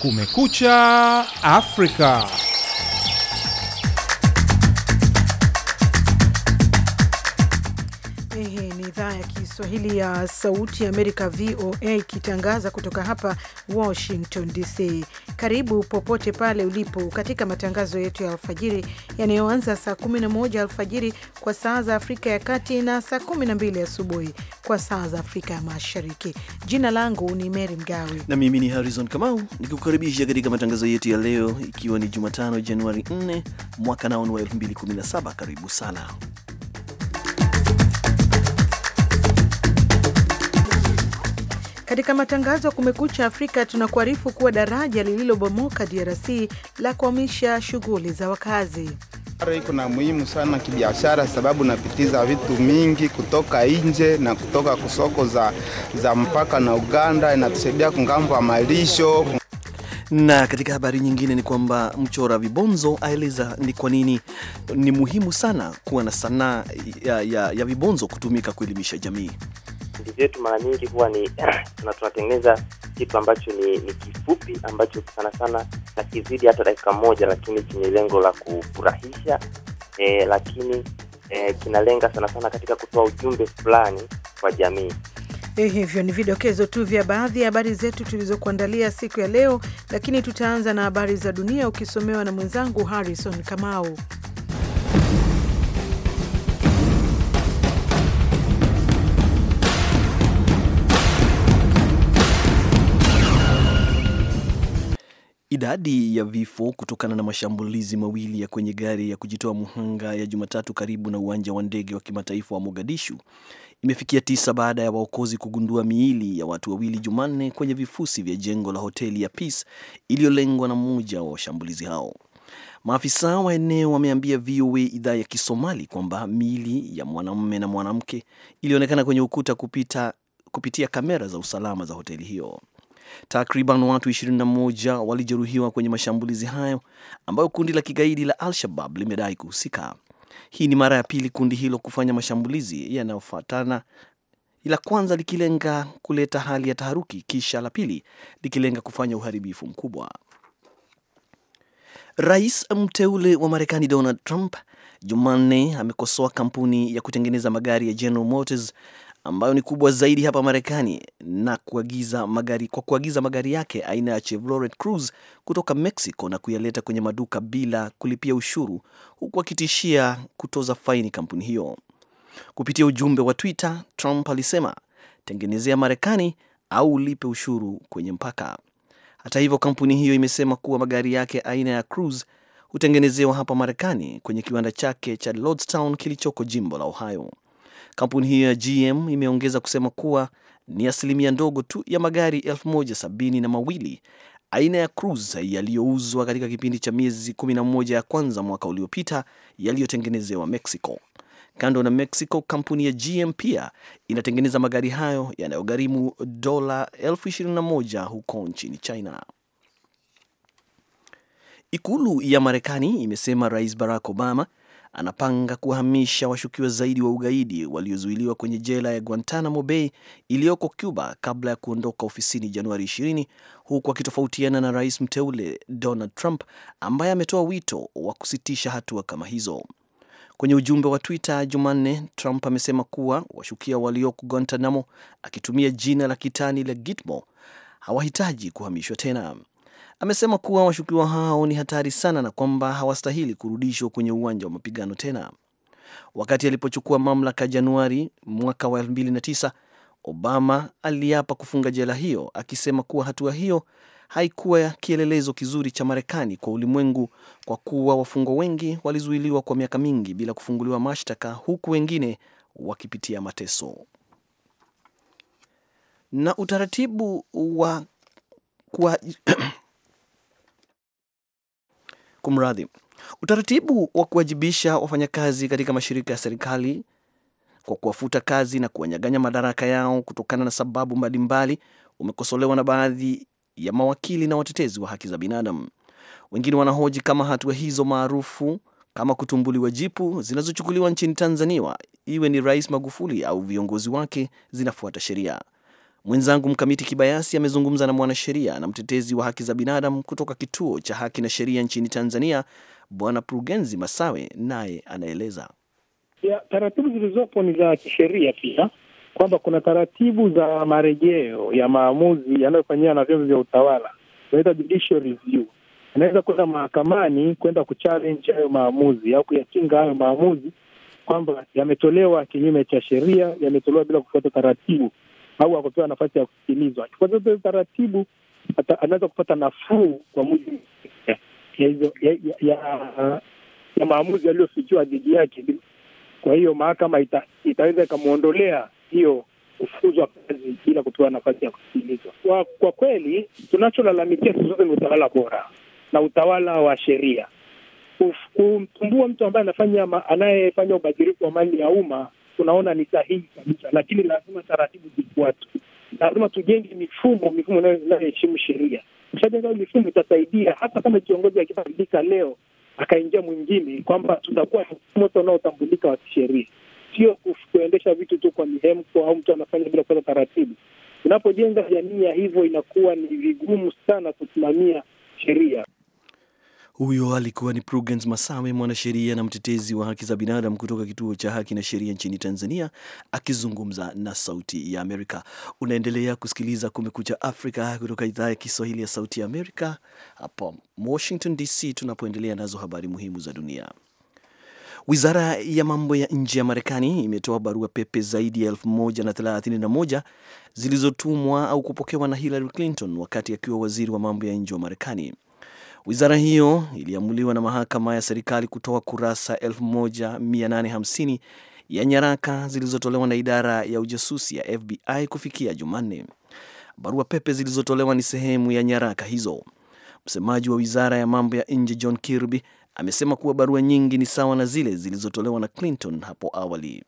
Kumekucha Afrika. idhaa ya Kiswahili ya Sauti ya Amerika, VOA, ikitangaza kutoka hapa Washington DC. Karibu popote pale ulipo katika matangazo yetu ya alfajiri yanayoanza saa 11 alfajiri kwa saa za Afrika ya Kati na saa 12 asubuhi kwa saa za Afrika ya Mashariki. Jina langu ni Mary Mgawe na mimi ni Harrison Kamau nikukaribisha katika matangazo yetu ya leo, ikiwa ni Jumatano Januari 4 mwaka nao wa 2017. Karibu sana Katika matangazo ya Kumekucha Afrika tunakuarifu kuwa daraja lililobomoka DRC la kuamisha shughuli za wakazi. Iko na muhimu sana kibiashara, sababu napitiza vitu mingi kutoka nje na kutoka kusoko za, za mpaka na Uganda, inatusaidia kungambo ya malisho. Na katika habari nyingine ni kwamba mchora vibonzo aeleza ni kwa nini ni muhimu sana kuwa na sanaa ya, ya, ya vibonzo kutumika kuelimisha jamii vipindi vyetu mara nyingi huwa ni na tunatengeneza kitu ambacho ni, ni kifupi ambacho sana sana kizidi hata dakika moja, lakini chenye lengo la kufurahisha e, lakini e, kinalenga sana sana katika kutoa ujumbe fulani kwa jamii. Eh, hivyo ni vidokezo tu vya baadhi ya habari zetu tulizokuandalia siku ya leo, lakini tutaanza na habari za dunia ukisomewa na mwenzangu Harrison Kamau. Idadi ya vifo kutokana na mashambulizi mawili ya kwenye gari ya kujitoa muhanga ya Jumatatu karibu na uwanja wa ndege wa kimataifa wa Mogadishu imefikia tisa baada ya waokozi kugundua miili ya watu wawili Jumanne kwenye vifusi vya jengo la hoteli ya Peace iliyolengwa na mmoja wa washambulizi hao. Maafisa wa eneo wameambia VOA idhaa ya Kisomali kwamba miili ya mwanamume na mwanamke ilionekana kwenye ukuta kupita, kupitia kamera za usalama za hoteli hiyo. Takriban watu 21 walijeruhiwa kwenye mashambulizi hayo ambayo kundi la kigaidi la Al-Shabab limedai kuhusika. Hii ni mara ya pili kundi hilo kufanya mashambulizi yanayofuatana, la kwanza likilenga kuleta hali ya taharuki, kisha la pili likilenga kufanya uharibifu mkubwa. Rais mteule wa Marekani Donald Trump Jumanne amekosoa kampuni ya kutengeneza magari ya General Motors ambayo ni kubwa zaidi hapa Marekani na kuagiza magari, kwa kuagiza magari yake aina ya Chevrolet Cruze kutoka Mexico na kuyaleta kwenye maduka bila kulipia ushuru huku akitishia kutoza faini kampuni hiyo. Kupitia ujumbe wa Twitter, Trump alisema, tengenezea Marekani au ulipe ushuru kwenye mpaka. Hata hivyo, kampuni hiyo imesema kuwa magari yake aina ya Cruze hutengenezewa hapa Marekani kwenye kiwanda chake cha Lordstown kilichoko jimbo la Ohio. Kampuni hiyo ya GM imeongeza kusema kuwa ni asilimia ndogo tu ya magari mawili aina ya Cruze yaliyouzwa katika kipindi cha miezi 11 ya kwanza mwaka uliopita yaliyotengenezewa Mexico. Kando na Mexico, kampuni ya GM pia inatengeneza magari hayo yanayogharimu dola 21,000 huko nchini China. Ikulu ya Marekani imesema Rais Barack Obama anapanga kuwahamisha washukiwa zaidi wa ugaidi waliozuiliwa kwenye jela ya Guantanamo Bay iliyoko Cuba kabla ya kuondoka ofisini Januari 20 huku akitofautiana na rais mteule Donald Trump ambaye ametoa wito wa kusitisha hatua kama hizo. Kwenye ujumbe wa Twitter Jumanne, Trump amesema kuwa washukia walioko Guantanamo, akitumia jina la kitani la Gitmo, hawahitaji kuhamishwa tena. Amesema kuwa washukiwa hao ni hatari sana na kwamba hawastahili kurudishwa kwenye uwanja wa mapigano tena. Wakati alipochukua mamlaka Januari mwaka wa 2009, Obama aliapa kufunga jela hiyo, akisema kuwa hatua hiyo haikuwa kielelezo kizuri cha Marekani kwa ulimwengu kwa kuwa wafungwa wengi walizuiliwa kwa miaka mingi bila kufunguliwa mashtaka huku wengine wakipitia mateso. Na utaratibu wa Kumradhi, utaratibu wa kuwajibisha wafanyakazi katika mashirika ya serikali kwa kuwafuta kazi na kuwanyaganya madaraka yao kutokana na sababu mbalimbali umekosolewa na baadhi ya mawakili na watetezi wa haki za binadamu. Wengine wanahoji kama hatua hizo maarufu kama kutumbuliwa jipu zinazochukuliwa nchini Tanzania, iwe ni Rais Magufuli au viongozi wake, zinafuata sheria. Mwenzangu Mkamiti Kibayasi amezungumza na mwanasheria na mtetezi wa haki za binadamu kutoka Kituo cha Haki na Sheria nchini Tanzania, Bwana Prugenzi Masawe, naye anaeleza. ya, taratibu zilizopo ni za kisheria pia kwamba kuna taratibu za marejeo ya maamuzi yanayofanyiwa na vyombo vya utawala, inaitwa judicial review. kwenda mahakamani kwenda kuchallenge hayo maamuzi au kuyapinga hayo maamuzi kwamba yametolewa kinyume cha sheria, yametolewa bila kufuata taratibu au akapewa nafasi ya kusikilizwa, kwa sababu taratibu anaweza kupata nafuu kwa mujibu ya hizo ya, ya, ya, ya maamuzi yaliyofikiwa dhidi yake. Kwa hiyo mahakama ita, itaweza ikamwondolea hiyo kufukuzwa kazi bila kupewa nafasi ya kusikilizwa. Kwa, kwa kweli tunacholalamikia siku zote ni utawala bora na utawala wa sheria. Kumtumbua mtu ambaye anafanya anayefanya ubadhirifu wa mali ya umma tunaona ni sahihi kabisa, lakini lazima taratibu zifuatwe. Lazima tujenge mifumo, mifumo inayoheshimu sheria. Ukishajenga mifumo itasaidia, hata kama kiongozi akibadilika leo akaingia mwingine, kwamba tutakuwa moto unaotambulika wa kisheria, sio kuendesha vitu tu kwa mihemko au mtu anafanya bila kuweza taratibu. Unapojenga jamii ya hivyo, inakuwa ni vigumu sana kusimamia sheria. Huyo alikuwa ni Prugens Masawe, mwanasheria na mtetezi wa haki za binadamu kutoka Kituo cha Haki na Sheria nchini Tanzania, akizungumza na Sauti ya Amerika. Unaendelea kusikiliza Kumekucha Afrika kutoka idhaa ya Kiswahili ya Sauti ya Amerika hapa Washington DC, tunapoendelea nazo habari muhimu za dunia. Wizara ya mambo ya nje ya Marekani imetoa barua pepe zaidi ya 1031 zilizotumwa au kupokewa na Hillary Clinton wakati akiwa waziri wa mambo ya nje wa Marekani. Wizara hiyo iliamuliwa na mahakama ya serikali kutoa kurasa 1850 ya nyaraka zilizotolewa na idara ya ujasusi ya FBI kufikia Jumanne. Barua pepe zilizotolewa ni sehemu ya nyaraka hizo. Msemaji wa wizara ya mambo ya nje John Kirby amesema kuwa barua nyingi ni sawa na zile zilizotolewa na Clinton hapo awali.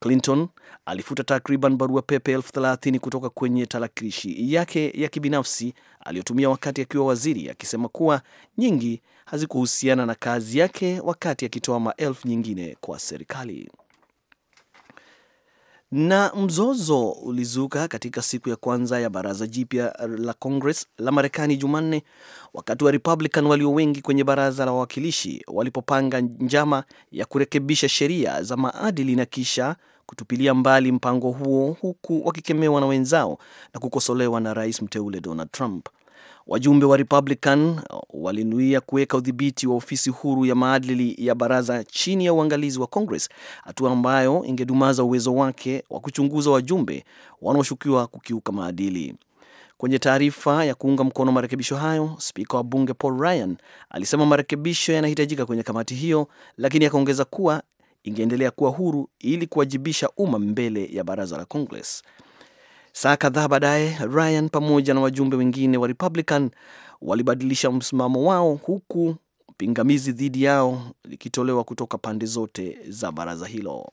Clinton alifuta takriban barua pepe elfu thelathini kutoka kwenye tarakilishi yake ya kibinafsi aliyotumia wakati akiwa waziri, akisema kuwa nyingi hazikuhusiana na kazi yake, wakati akitoa maelfu nyingine kwa serikali. Na mzozo ulizuka katika siku ya kwanza ya baraza jipya la Congress la Marekani Jumanne, wakati wa Republican walio wengi kwenye baraza la wawakilishi walipopanga njama ya kurekebisha sheria za maadili na kisha kutupilia mbali mpango huo huku wakikemewa na wenzao na kukosolewa na rais mteule Donald Trump. Wajumbe wa Republican walinuia kuweka udhibiti wa ofisi huru ya maadili ya baraza chini ya uangalizi wa Congress, hatua ambayo ingedumaza uwezo wake wa kuchunguza wajumbe wanaoshukiwa kukiuka maadili. Kwenye taarifa ya kuunga mkono marekebisho hayo, spika wa bunge Paul Ryan alisema marekebisho yanahitajika kwenye kamati hiyo, lakini akaongeza kuwa ingeendelea kuwa huru ili kuwajibisha umma mbele ya baraza la Congress. Saa kadhaa baadaye, Ryan pamoja na wajumbe wengine wa Republican walibadilisha msimamo wao, huku pingamizi dhidi yao likitolewa kutoka pande zote za baraza hilo.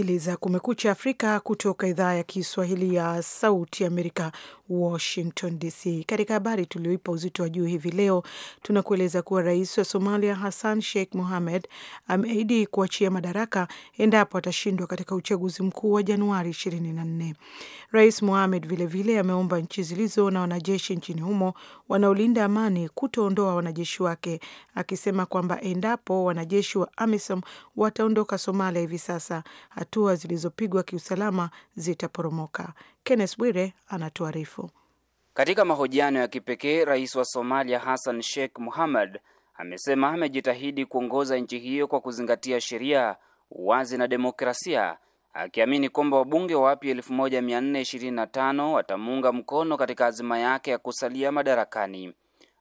kusikiliza Kumekucha Afrika kutoka idhaa ya Kiswahili ya Sauti Amerika, Washington DC. Katika habari tulioipa uzito wa juu hivi leo, tunakueleza kuwa rais wa Somalia Hassan Sheikh Mohamed ameahidi kuachia madaraka endapo atashindwa katika uchaguzi mkuu wa Januari 24. Rais Mohamed vilevile ameomba nchi zilizo na wanajeshi nchini humo wanaolinda amani kutoondoa wanajeshi wake, akisema kwamba endapo wanajeshi wa AMISOM wataondoka Somalia hivi sasa, hatua zilizopigwa kiusalama zitaporomoka. Kenneth Bwire anatuarifu. Katika mahojiano ya kipekee, rais wa Somalia Hassan Sheikh Muhammad amesema amejitahidi kuongoza nchi hiyo kwa kuzingatia sheria, uwazi na demokrasia, akiamini kwamba wabunge wapya 1425 watamuunga mkono katika azima yake ya kusalia madarakani.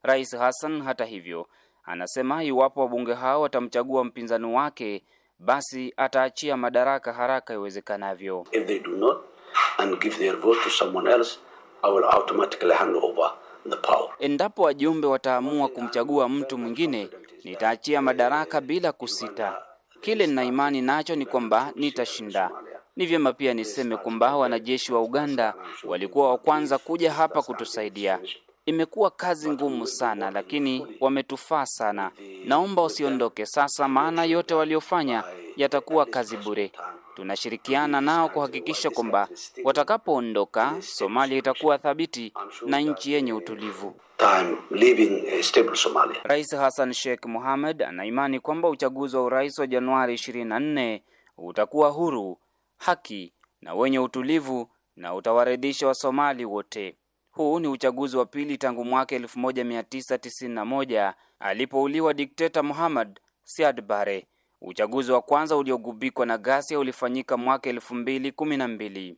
Rais Hassan hata hivyo, anasema iwapo wabunge hao watamchagua mpinzani wake, basi ataachia madaraka haraka iwezekanavyo and give their vote to someone else, I will automatically hand over the power. Endapo wajumbe wataamua kumchagua mtu mwingine, nitaachia madaraka bila kusita. Kile nina imani nacho ni kwamba nitashinda. Ni vyema pia niseme kwamba wanajeshi wa Uganda walikuwa wa kwanza kuja hapa kutusaidia. Imekuwa kazi ngumu sana, lakini wametufaa sana. Naomba usiondoke sasa, maana yote waliofanya yatakuwa kazi bure. Tunashirikiana nao kuhakikisha kwamba watakapoondoka, Somalia itakuwa thabiti na nchi yenye utulivu. Rais Hassan Sheikh Mohamed anaimani kwamba uchaguzi wa urais wa Januari 24 utakuwa huru, haki na wenye utulivu na utawaridhisha Wasomali wote. Huu ni uchaguzi wa pili tangu mwaka 1991 alipouliwa dikteta Muhammad Siad Barre. Uchaguzi wa kwanza uliogubikwa na ghasia ulifanyika mwaka 2012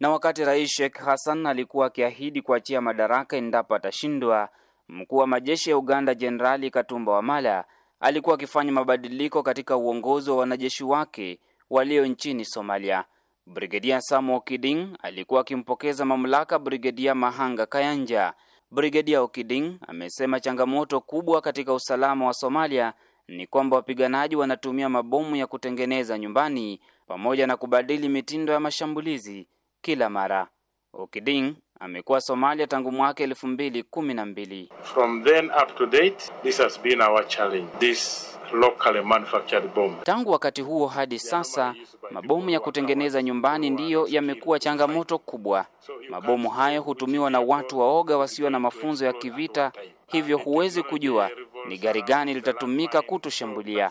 na wakati Rais Sheikh Hassan alikuwa akiahidi kuachia madaraka endapo atashindwa, mkuu wa majeshi ya Uganda Jenerali Katumba Wamala alikuwa akifanya mabadiliko katika uongozi wa wanajeshi wake walio nchini Somalia. Brigedia Samu Okiding alikuwa akimpokeza mamlaka Brigedia Mahanga Kayanja. Brigedia Okiding amesema changamoto kubwa katika usalama wa Somalia ni kwamba wapiganaji wanatumia mabomu ya kutengeneza nyumbani pamoja na kubadili mitindo ya mashambulizi kila mara. Okiding amekuwa Somalia tangu mwaka elfu mbili kumi na mbili. From then up to date, this has been our challenge. This locally manufactured bomb. Tangu wakati huo hadi sasa Mabomu ya kutengeneza nyumbani ndiyo yamekuwa changamoto kubwa. Mabomu hayo hutumiwa na watu waoga wasio na mafunzo ya kivita, hivyo huwezi kujua ni gari gani litatumika kutushambulia.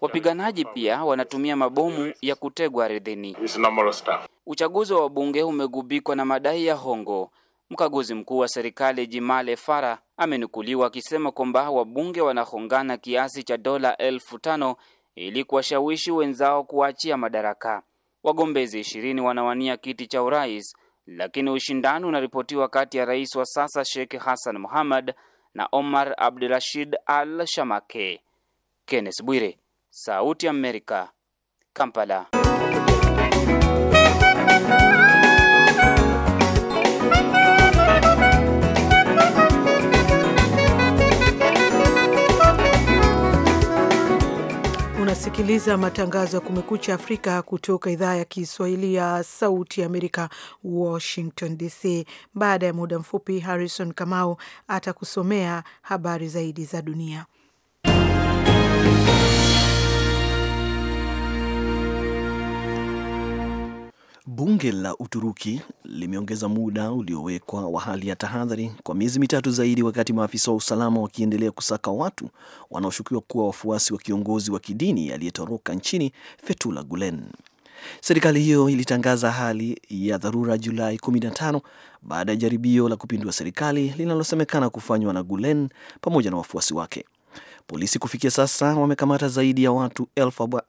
Wapiganaji pia wanatumia mabomu ya kutegwa ardhini. Uchaguzi wa wabunge umegubikwa na madai ya hongo. Mkaguzi mkuu wa serikali Jimale Fara amenukuliwa akisema kwamba wabunge wanahongana kiasi cha dola elfu tano ili kuwashawishi wenzao kuachia madaraka. Wagombezi ishirini wanawania kiti cha urais, lakini ushindani unaripotiwa kati ya rais wa sasa Sheikh Hassan Muhammad na Omar Abdurashid Al Shamake. Kenneth Bwire, Sauti ya Amerika, Kampala. Unasikiliza matangazo ya Kumekucha Afrika kutoka idhaa ya Kiswahili ya Sauti ya Amerika, Washington DC. Baada ya muda mfupi, Harrison Kamau atakusomea habari zaidi za dunia. Bunge la Uturuki limeongeza muda uliowekwa wa hali ya tahadhari kwa miezi mitatu zaidi, wakati maafisa wa usalama wakiendelea kusaka watu wanaoshukiwa kuwa wafuasi wa kiongozi wa kidini aliyetoroka nchini Fethullah Gulen. Serikali hiyo ilitangaza hali ya dharura Julai 15 baada ya jaribio la kupindua serikali linalosemekana kufanywa na Gulen pamoja na wafuasi wake. Polisi kufikia sasa wamekamata zaidi ya watu elfu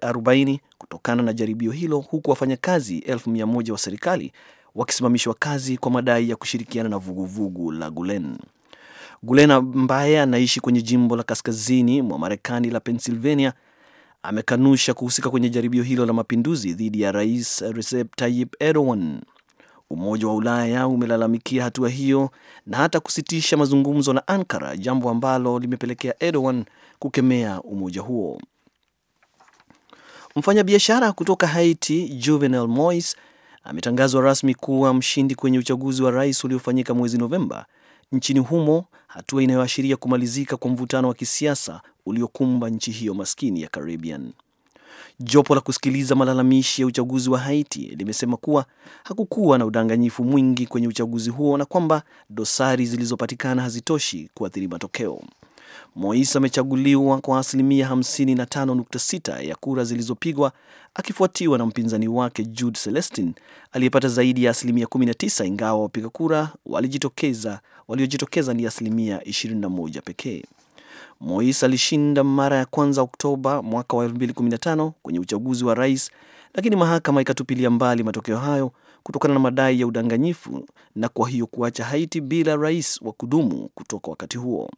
arobaini kutokana na jaribio hilo, huku wafanyakazi elfu mia moja wa serikali wakisimamishwa kazi kwa madai ya kushirikiana na vuguvugu vugu la Gulen. Gulen ambaye anaishi kwenye jimbo la kaskazini mwa Marekani la Pennsylvania amekanusha kuhusika kwenye jaribio hilo la mapinduzi dhidi ya rais Recep Tayyip Erdogan. Umoja wa Ulaya umelalamikia hatua hiyo na hata kusitisha mazungumzo na Ankara, jambo ambalo limepelekea Erdogan kukemea umoja huo. Mfanyabiashara kutoka Haiti Juvenal Moise ametangazwa rasmi kuwa mshindi kwenye uchaguzi wa rais uliofanyika mwezi Novemba nchini humo, hatua inayoashiria kumalizika kwa mvutano wa kisiasa uliokumba nchi hiyo maskini ya Caribbean. Jopo la kusikiliza malalamishi ya uchaguzi wa Haiti limesema kuwa hakukuwa na udanganyifu mwingi kwenye uchaguzi huo na kwamba dosari zilizopatikana hazitoshi kuathiri matokeo mois amechaguliwa kwa asilimia 55.6 ya kura zilizopigwa akifuatiwa na mpinzani wake Jude Celestin aliyepata zaidi ya asilimia 19, ingawa wapiga kura waliojitokeza ni asilimia 21 pekee. mois alishinda mara ya kwanza Oktoba mwaka wa 2015 kwenye uchaguzi wa rais, lakini mahakama ikatupilia mbali matokeo hayo kutokana na madai ya udanganyifu na kwa hiyo kuacha Haiti bila rais wa kudumu kutoka wakati huo.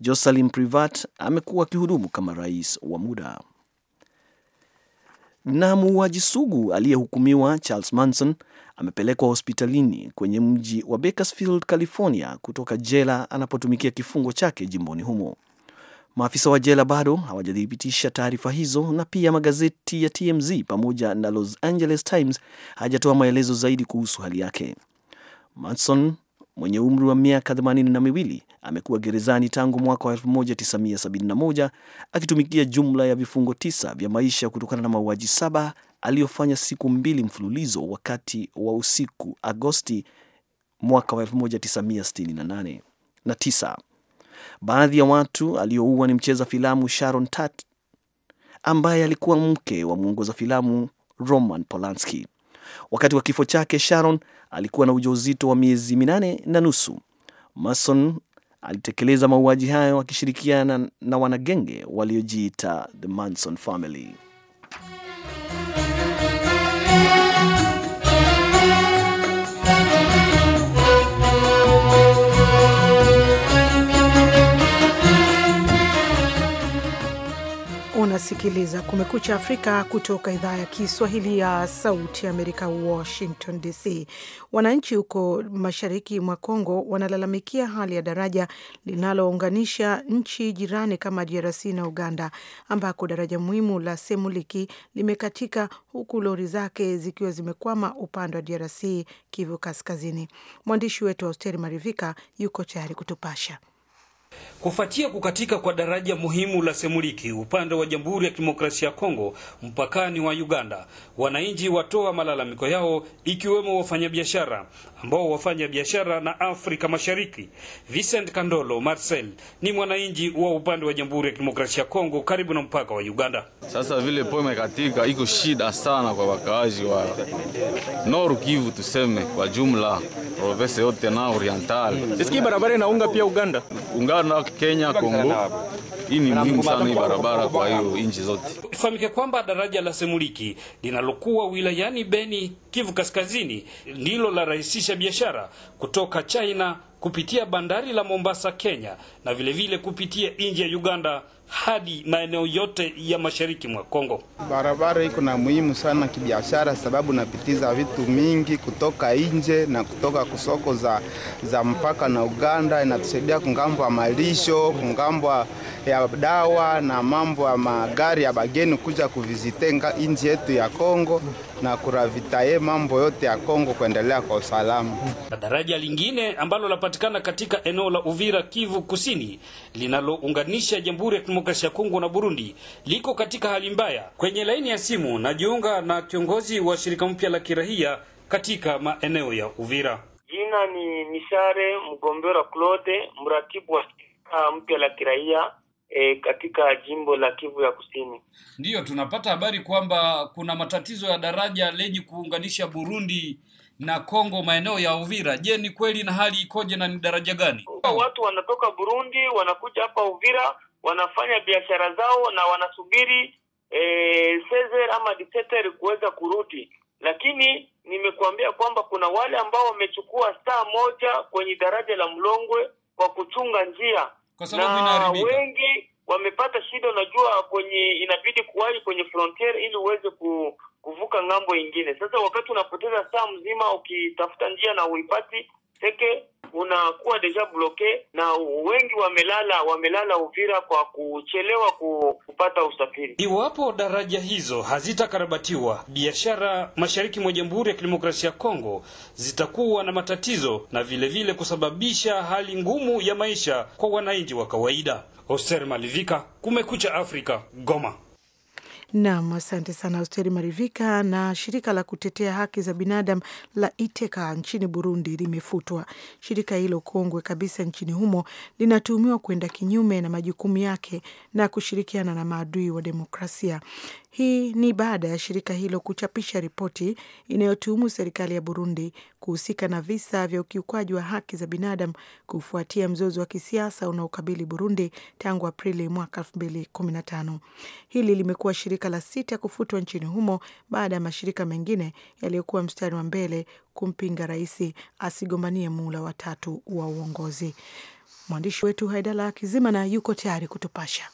Joselin Privat amekuwa akihudumu kama rais wa muda. Na muuaji sugu aliyehukumiwa Charles Manson amepelekwa hospitalini kwenye mji wa Bakersfield, California kutoka jela anapotumikia kifungo chake jimboni humo. Maafisa wa jela bado hawajathibitisha taarifa hizo, na pia magazeti ya TMZ pamoja na Los Angeles Times hajatoa maelezo zaidi kuhusu hali yake. Manson mwenye umri wa miaka themanini na miwili amekuwa gerezani tangu mwaka wa 1971 akitumikia jumla ya vifungo tisa vya maisha kutokana na mauaji saba aliyofanya siku mbili mfululizo wakati wa usiku Agosti mwaka wa tisa. Baadhi ya watu aliyoua ni mcheza filamu Sharon Tate ambaye alikuwa mke wa mwongoza filamu Roman Polanski. Wakati wa kifo chake, Sharon alikuwa na ujauzito wa miezi minane na nusu. Mason alitekeleza mauaji hayo akishirikiana na wanagenge waliojiita the Manson Family. Unasikiliza Kumekucha Afrika kutoka idhaa ya Kiswahili ya Sauti ya Amerika, Washington DC. Wananchi huko mashariki mwa congo wanalalamikia hali ya daraja linalounganisha nchi jirani kama DRC na Uganda, ambako daraja muhimu la Semuliki limekatika huku lori zake zikiwa zimekwama upande wa DRC, Kivu Kaskazini. Mwandishi wetu Austeri Marivika yuko tayari kutupasha. Kufuatia kukatika kwa daraja muhimu la Semuliki upande wa Jamhuri ya Kidemokrasia ya Kongo mpakani wa Uganda, wananchi watoa malalamiko yao, ikiwemo wafanyabiashara ambao wafanya biashara na Afrika Mashariki. Vincent Kandolo Marcel ni mwananchi wa upande wa Jamhuri ya Kidemokrasia ya Kongo karibu na mpaka wa Uganda. Sasa vile po imekatika, iko shida sana kwa wakaaji wa Nord Kivu, tuseme kwa jumla province yote na Oriental. Sisi barabara inaunga pia Uganda. Unga sana Kenya, Kongo. Hii ni muhimu sana hii barabara kwa hiyo nchi zote. Ifahamike kwamba daraja la Semuliki linalokuwa wilayani Beni, Kivu Kaskazini, ndilo la rahisisha biashara kutoka China kupitia bandari la Mombasa, Kenya na vilevile vile kupitia nje ya Uganda hadi maeneo yote ya mashariki mwa Kongo. Barabara iko na muhimu sana kibiashara, sababu napitiza vitu mingi kutoka nje na kutoka kusoko za, za mpaka na Uganda. Inatusaidia kungambwa malisho, kungambwa ya dawa na mambo ya magari ya bageni kuja kuvizite nji yetu ya Kongo na kuravitaye mambo yote ya Kongo kuendelea kwa usalama. Na daraja lingine ambalo linapatikana katika eneo la Uvira, Kivu Kusini, linalounganisha Jamhuri ya Kidemokrasia ya Kongo na Burundi liko katika hali mbaya. Kwenye laini ya simu najiunga na kiongozi wa shirika mpya la kirahia katika maeneo ya Uvira. Jina ni Misare Mgombera Claude, mratibu wa shirika mpya la kirahia E, katika jimbo la Kivu ya Kusini. Ndiyo, tunapata habari kwamba kuna matatizo ya daraja lenye kuunganisha Burundi na Kongo maeneo ya Uvira. Je, ni kweli na hali ikoje na ni daraja gani? Watu wanatoka Burundi wanakuja hapa Uvira wanafanya biashara zao na wanasubiri e, Caesar ama dictator kuweza kurudi, lakini nimekuambia kwamba kuna wale ambao wamechukua saa moja kwenye daraja la Mlongwe kwa kuchunga njia kwa sababu Wengi wamepata shida, unajua, kwenye inabidi kuwahi kwenye frontier ili uweze ku, kuvuka ng'ambo ingine. Sasa wakati unapoteza saa mzima ukitafuta njia na uipati, seke unakuwa deja bloke na wengi wamelala wamelala Uvira kwa kuchelewa kupata usafiri. Iwapo daraja hizo hazitakarabatiwa, biashara mashariki mwa Jamhuri ya Kidemokrasia ya Kongo zitakuwa na matatizo na vile vile kusababisha hali ngumu ya maisha kwa wananchi wa kawaida. Hoser Malivika, Kumekucha Afrika, Goma. Nam, asante sana Austeri Marivika. Na shirika la kutetea haki za binadamu la Iteka nchini Burundi limefutwa. Shirika hilo kongwe kabisa nchini humo linatuhumiwa kuenda kinyume na majukumu yake na kushirikiana na maadui wa demokrasia. Hii ni baada ya shirika hilo kuchapisha ripoti inayotuhumu serikali ya Burundi kuhusika na visa vya ukiukwaji wa haki za binadamu kufuatia mzozo wa kisiasa unaokabili Burundi tangu Aprili mwaka 2015. Hili limekuwa shirika la sita kufutwa nchini humo baada ya mashirika mengine yaliyokuwa mstari wa mbele kumpinga rais asigombanie muhula watatu wa uongozi. Mwandishi wetu Haidala Kizimana yuko tayari kutupasha.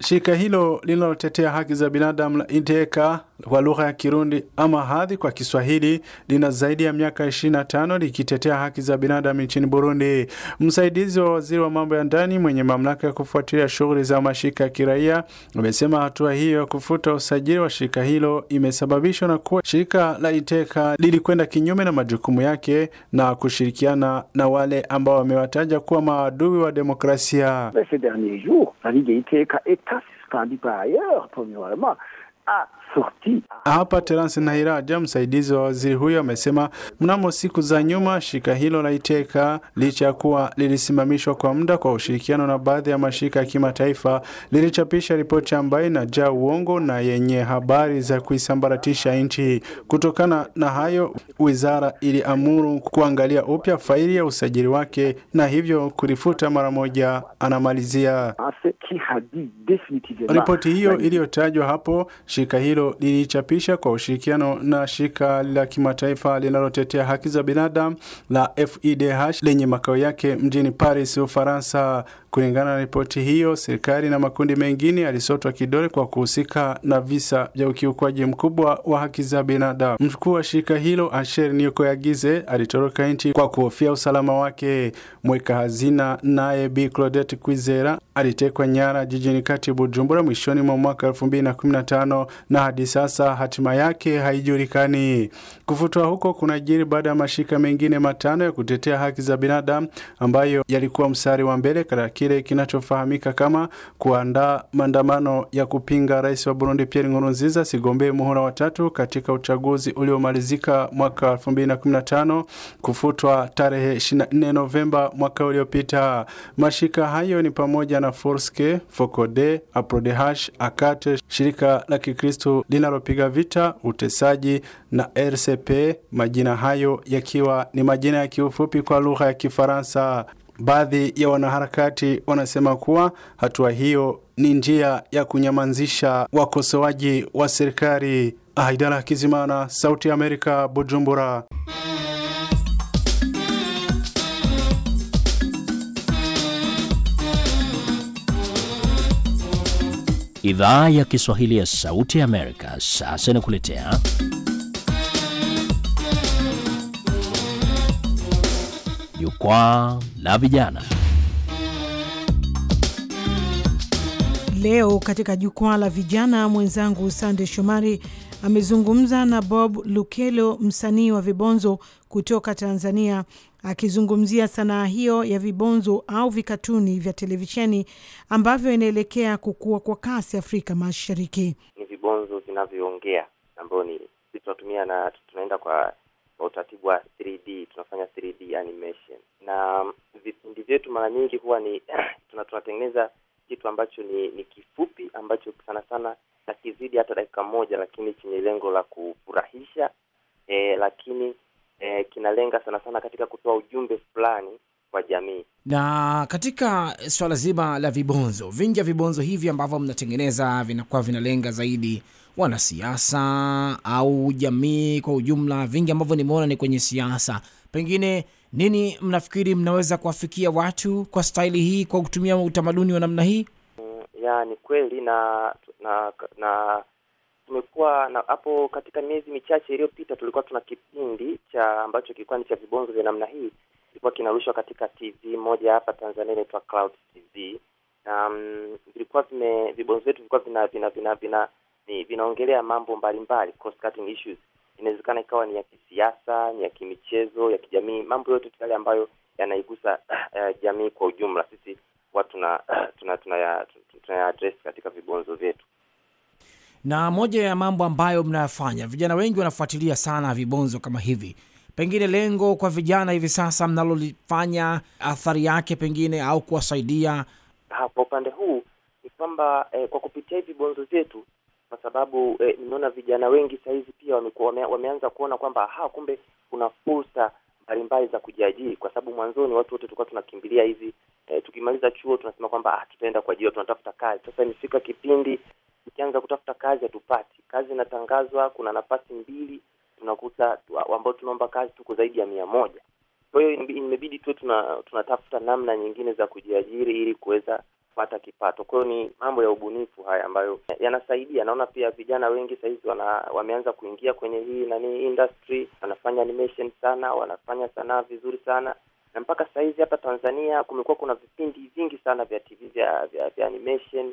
Shirika hilo linalotetea haki za binadamu la Iteka kwa lugha ya Kirundi ama Hadhi kwa Kiswahili lina zaidi ya miaka 25 likitetea haki za binadamu nchini Burundi. Msaidizi wa waziri wa mambo ya ndani mwenye mamlaka ya kufuatilia shughuli za mashirika ya kiraia amesema hatua hiyo ya kufuta usajili wa shirika hilo imesababishwa na kuwa shirika la Iteka lilikwenda kinyume na majukumu yake na kushirikiana na wale ambao wamewataja kuwa maadui wa demokrasia. Tandis par ailleurs, premièrement, à Hapa Terence Nahiraja, msaidizi wa waziri huyo, amesema mnamo siku za nyuma shirika hilo la Iteka, licha ya kuwa lilisimamishwa kwa muda kwa ushirikiano na baadhi ya mashirika ya kimataifa, lilichapisha ripoti ambayo inajaa uongo na yenye habari za kuisambaratisha nchi. Kutokana na hayo, wizara iliamuru kuangalia upya faili ya usajili wake na hivyo kulifuta mara moja, anamalizia. Ripoti hiyo iliyotajwa hapo, shirika hilo lilichapisha kwa ushirikiano na shirika la kimataifa linalotetea haki za binadamu la FIDH lenye makao yake mjini Paris, Ufaransa. Kulingana na ripoti hiyo, serikali na makundi mengine yalisotwa kidole kwa kuhusika na visa vya ukiukwaji mkubwa wa haki za binadamu. Mkuu wa shirika hilo Asher Niokoyagize alitoroka nchi kwa kuhofia usalama wake. Mweka hazina naye Bi Claudette Kwizera alitekwa nyara jijini kati Bujumbura mwishoni mwa mwaka 2015 na hadi sasa hatima yake haijulikani. Kufutwa huko kunajiri baada ya mashirika mengine matano ya kutetea haki za binadamu ambayo yalikuwa mstari wa mbele katika kile kinachofahamika kama kuandaa maandamano ya kupinga rais wa Burundi Pierre Nkurunziza sigombee muhula wa tatu katika uchaguzi uliomalizika mwaka 2015 kufutwa tarehe 24 Novemba mwaka uliopita. Mashirika hayo ni pamoja na na Forske, Fokode, Aprodehash, Akate, shirika la Kikristo linalopiga vita utesaji na RCP, majina hayo yakiwa ni majina ya kiufupi kwa lugha ya Kifaransa. Baadhi ya wanaharakati wanasema kuwa hatua hiyo ni njia ya kunyamanzisha wakosoaji wa serikali. Haidara Kizimana, Sauti ya Amerika, Bujumbura. Idhaa ya Kiswahili ya Sauti ya Amerika sasa inakuletea Jukwaa la Vijana. Leo katika Jukwaa la Vijana, mwenzangu Sande Shomari amezungumza na Bob Lukelo, msanii wa vibonzo kutoka Tanzania, akizungumzia sanaa hiyo ya vibonzo au vikatuni vya televisheni ambavyo inaelekea kukua kwa kasi Afrika Mashariki. Ni vibonzo vinavyoongea ambayo ni sisi tunatumia na tunaenda kwa utaratibu wa 3D, tunafanya 3D animation na mm, vipindi vyetu mara nyingi huwa ni tunatengeneza kitu ambacho ni, ni kifupi ambacho sana sana na kizidi hata dakika moja, lakini chenye lengo la kufurahisha eh, lakini e, kinalenga sana sana katika kutoa ujumbe fulani kwa jamii. Na katika swala zima la vibonzo, vingi vya vibonzo hivi ambavyo mnatengeneza vinakuwa vinalenga zaidi wanasiasa au jamii kwa ujumla, vingi ambavyo nimeona ni kwenye siasa. Pengine nini mnafikiri mnaweza kuwafikia watu kwa staili hii, kwa kutumia utamaduni wa namna hii? Mm, ya, ni kweli na na na tumekuwa na hapo katika miezi michache iliyopita tulikuwa tuna ambacho kilikuwa ni cha vibonzo vya namna hii kilikuwa kinarushwa katika TV moja hapa Tanzania inaitwa Cloud TV. Um, mm, vilikuwa vime vibonzo vyetu vilikuwa vina vina vina, vina ni, vinaongelea mambo mbalimbali cross cutting issues. Inawezekana ikawa ni ya kisiasa, ni ya kimichezo, ya kijamii, mambo yote yale ambayo yanaigusa uh, jamii kwa ujumla. Sisi watu tuna tunaya eh, tuna address katika vibonzo vyetu na moja ya mambo ambayo mnayafanya, vijana wengi wanafuatilia sana vibonzo kama hivi pengine lengo kwa vijana hivi sasa mnalolifanya, athari yake pengine au kuwasaidia kwa upande huu ni kwamba eh, kwa kupitia hivi bonzo zetu, kwa sababu eh, nimeona vijana wengi sahizi pia wame, wameanza kuona kwamba ha, kumbe kuna fursa mbalimbali za kujiajiri, kwa sababu mwanzoni watu wote tulikuwa tunakimbilia hizi eh, tukimaliza chuo tunasema kwamba ah, tutaenda kuajiriwa, tunatafuta kazi. Sasa imefika kipindi ukianza kutafuta kazi hatupati kazi, inatangazwa kuna nafasi mbili tunakuta ambao tunaomba kazi tuko zaidi ya mia moja. Kwa hiyo imebidi tunatafuta tuna, tunatafuta namna nyingine za kujiajiri ili kuweza kupata kipato. Kwa hiyo ni mambo ya ubunifu haya ambayo yanasaidia. Naona pia vijana wengi sahizi wameanza kuingia kwenye hii nani industry, wanafanya animation sana, wanafanya sanaa vizuri sana na mpaka sahizi hapa Tanzania kumekuwa kuna vipindi vingi sana vya TV vya vya, vya animation.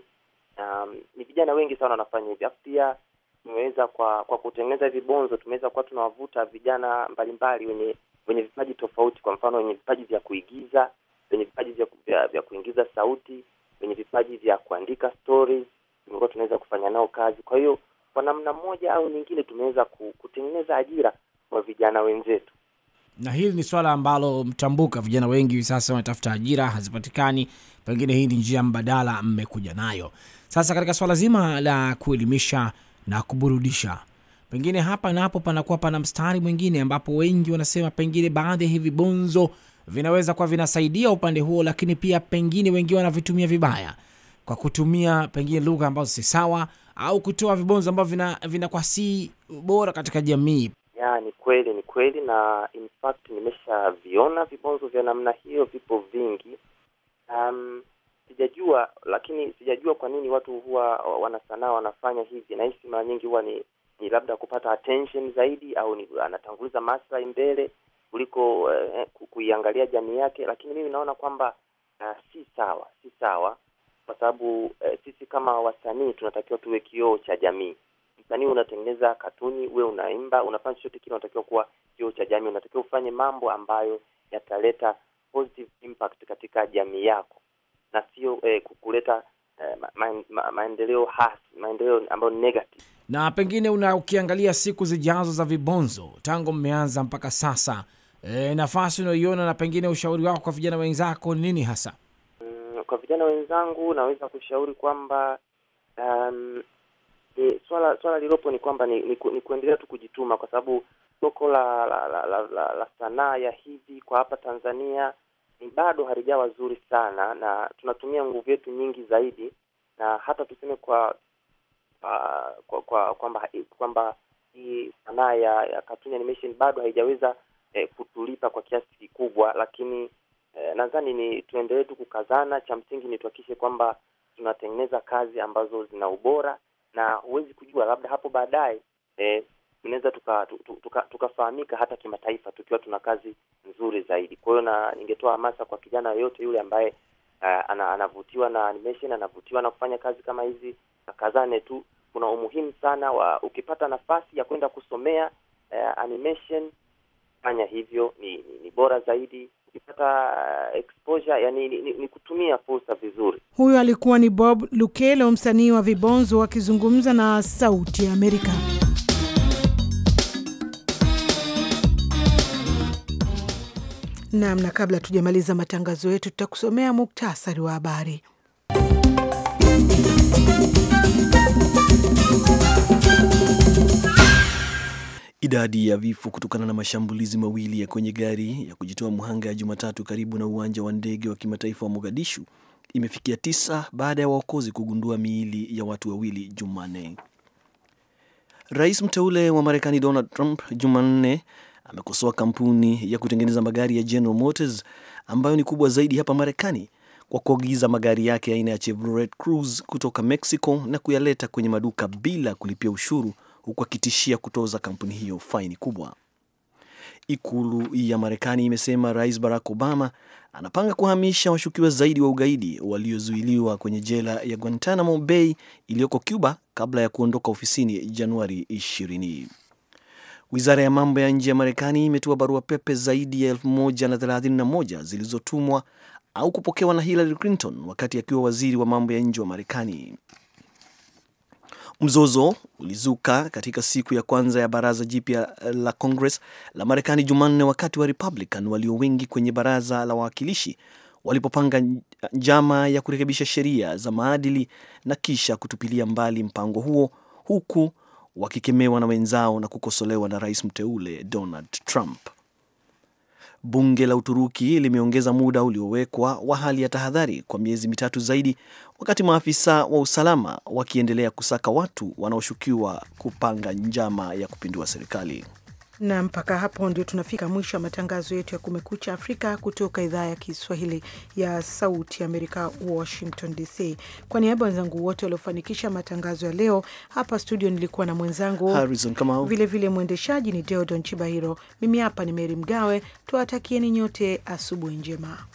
Um, ni vijana wengi sana wanafanya hivi, pia tumeweza kwa kwa kutengeneza vibonzo, tumeweza kuwa tunawavuta vijana mbalimbali wenye wenye vipaji tofauti, kwa mfano wenye vipaji vya kuigiza, wenye vipaji vya, vya, vya kuingiza sauti, wenye vipaji vya kuandika stories, tumekuwa tunaweza kufanya nao kazi. Kwa hiyo kwa namna moja au nyingine tumeweza kutengeneza ajira kwa vijana wenzetu, na hili ni swala ambalo mtambuka. Vijana wengi hivi sasa wanatafuta ajira, hazipatikani. Pengine hii ni njia mbadala mmekuja nayo sasa katika swala zima la kuelimisha na kuburudisha. Pengine hapa napo panakuwa pana mstari mwingine ambapo wengi wanasema pengine baadhi ya hivi bonzo vinaweza kuwa vinasaidia upande huo, lakini pia pengine wengi wanavitumia vibaya kwa kutumia pengine lugha ambazo si sawa au kutoa vibonzo ambavyo vinakuwa vina si bora katika jamii. Ya, ni kweli ni kweli, na in fact nimeshaviona vibonzo vya namna hiyo, vipo vingi. Um, sijajua, lakini sijajua kwa nini watu huwa wanasanaa wanafanya hivi. Nahisi mara nyingi huwa ni, ni labda kupata attention zaidi, au ni, anatanguliza maslahi mbele kuliko eh, kuiangalia jamii yake, lakini mimi naona kwamba uh, si sawa, si sawa kwa sababu eh, sisi kama wasanii tunatakiwa tuwe kioo cha jamii. Msanii unatengeneza katuni, we unaimba, unafanya chochote kile, unatakiwa kuwa kioo cha jamii, unatakiwa ufanye mambo ambayo yataleta positive impact katika jamii yako na sio eh, kuleta eh, ma, ma, maendeleo maendeleo ambayo negative. Na pengine una ukiangalia siku zijazo za vibonzo tangu mmeanza mpaka sasa eh, nafasi unaoiona na pengine ushauri wako kwa vijana wenzako ni nini hasa? Mm, kwa vijana wenzangu naweza kushauri kwamba um, E, swala swala lilopo ni kwamba ni, ni, ni kuendelea tu kujituma kwa sababu soko la la, la, la, la sanaa ya hivi kwa hapa Tanzania bado halijawa zuri sana, na tunatumia nguvu yetu nyingi zaidi, na hata tuseme kwa ah, kwamba kwamba kwa hii sanaa ya, ya cartoon animation bado haijaweza eh, kutulipa kwa kiasi kikubwa, lakini eh, nadhani ni tuendelee tu kukazana. Cha msingi ni tuhakikishe kwamba tunatengeneza kazi ambazo zina ubora, na huwezi kujua labda hapo baadaye eh, tunaweza tukafahamika tuka, tuka, tuka hata kimataifa tukiwa tuna kazi nzuri zaidi. Kwa hiyo na ningetoa hamasa kwa kijana yoyote yule ambaye uh, anavutiwa na animation, anavutiwa na kufanya kazi kama hizi, akazane tu. Kuna umuhimu sana wa ukipata nafasi ya kwenda kusomea uh, animation, fanya hivyo, ni, ni, ni bora zaidi ukipata eh, exposure, yani ni, ni, ni kutumia fursa vizuri. Huyo alikuwa ni Bob Lukelo, msanii wa vibonzo akizungumza na Sauti ya Amerika. Nam, na kabla tujamaliza matangazo yetu, tutakusomea muktasari wa habari. Idadi ya vifo kutokana na mashambulizi mawili ya kwenye gari ya kujitoa mhanga ya Jumatatu karibu na uwanja wa ndege wa kimataifa wa Mogadishu imefikia tisa baada ya waokozi kugundua miili ya watu wawili Jumanne. Rais mteule wa Marekani Donald Trump Jumanne amekosoa kampuni ya kutengeneza magari ya General Motors ambayo ni kubwa zaidi hapa Marekani kwa kuagiza magari yake aina ya Chevrolet Cruze kutoka Mexico na kuyaleta kwenye maduka bila kulipia ushuru huku akitishia kutoza kampuni hiyo faini kubwa. Ikulu ya Marekani imesema Rais Barack Obama anapanga kuhamisha washukiwa zaidi wa ugaidi waliozuiliwa kwenye jela ya Guantanamo Bay iliyoko Cuba kabla ya kuondoka ofisini Januari 20. Wizara ya mambo ya nje ya Marekani imetua barua pepe zaidi ya 1031 zilizotumwa au kupokewa na Hillary Clinton wakati akiwa waziri wa mambo ya nje wa Marekani. Mzozo ulizuka katika siku ya kwanza ya baraza jipya la Congress la Marekani Jumanne, wakati wa Republican walio wengi kwenye baraza la wawakilishi walipopanga njama ya kurekebisha sheria za maadili na kisha kutupilia mbali mpango huo huku wakikemewa na wenzao na kukosolewa na rais mteule Donald Trump. Bunge la Uturuki limeongeza muda uliowekwa wa hali ya tahadhari kwa miezi mitatu zaidi, wakati maafisa wa usalama wakiendelea kusaka watu wanaoshukiwa kupanga njama ya kupindua serikali na mpaka hapo ndio tunafika mwisho wa matangazo yetu ya Kumekucha Afrika kutoka idhaa ya Kiswahili ya Sauti ya Amerika, Washington DC. Kwa niaba wenzangu wote waliofanikisha matangazo ya leo hapa studio, nilikuwa na mwenzangu Harrison Kamau, vilevile mwendeshaji ni Deodon Chibahiro, mimi hapa ni Meri Mgawe. Tuwatakieni nyote asubuhi njema.